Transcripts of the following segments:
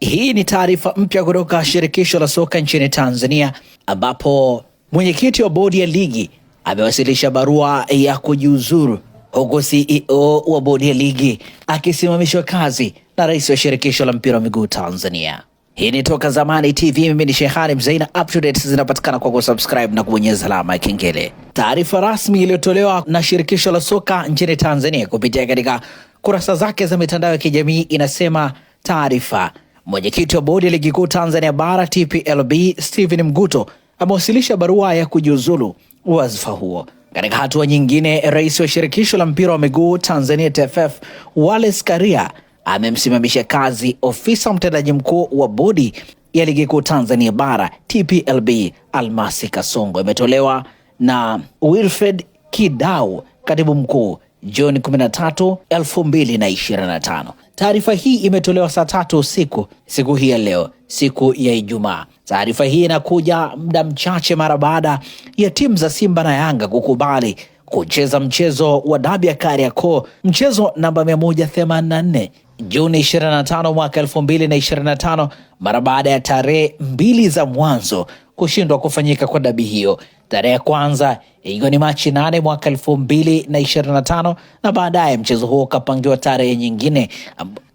Hii ni taarifa mpya kutoka shirikisho la soka nchini Tanzania, ambapo mwenyekiti wa bodi ya ligi amewasilisha barua ya kujiuzuru huku CEO wa bodi ya ligi akisimamishwa kazi na rais wa shirikisho la mpira wa miguu Tanzania. Hii ni Toka Zamani TV. Mimi ni Shehani Mzaina. Updates zinapatikana kwa kusubscribe na kubonyeza alama ya kengele. Taarifa rasmi iliyotolewa na shirikisho la soka nchini Tanzania kupitia katika kurasa zake za mitandao ya kijamii inasema taarifa Mwenyekiti wa bodi ya ligi kuu Tanzania bara TPLB Stephen Mguto amewasilisha barua ya kujiuzulu wadhifa huo. Katika hatua nyingine, rais wa shirikisho la mpira wa miguu Tanzania TFF Wallace Karia amemsimamisha kazi ofisa mtendaji mkuu wa bodi ya ligi kuu Tanzania bara TPLB Almasi Kasongo. Imetolewa na Wilfred Kidau, katibu mkuu Juni 13, 2025. Taarifa hii imetolewa saa tatu usiku siku hii ya leo, siku ya Ijumaa. Taarifa hii inakuja muda mchache mara baada ya timu za Simba na Yanga kukubali kucheza mchezo wa dabi ya Kariakoo, mchezo namba 184 Juni 25 mwaka 2025, mara baada ya tarehe mbili za mwanzo kushindwa kufanyika kwa dabi hiyo. Tarehe ya kwanza ikiwa ni Machi 8 mwaka 2025, na baadaye mchezo huo ukapangiwa tarehe nyingine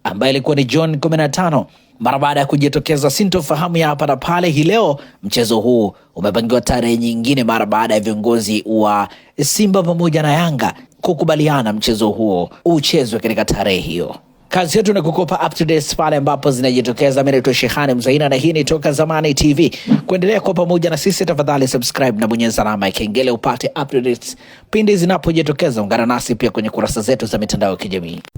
ambayo ilikuwa ni Juni 15 mara baada ya kujitokeza sintofahamu ya hapa na pale, hii leo mchezo huu umepangiwa tarehe nyingine mara baada ya viongozi wa Simba pamoja na Yanga kukubaliana mchezo huo uchezwe katika tarehe hiyo. Kazi yetu ni kukopa up to date pale ambapo zinajitokeza. Mimi naitwa Shehani Mzaina na hii ni Toka Zamani TV. Kuendelea kwa pamoja na sisi, tafadhali subscribe na bonyeza alama ya kengele upate updates pindi zinapojitokeza. Ungana nasi pia kwenye kurasa zetu za mitandao ya kijamii.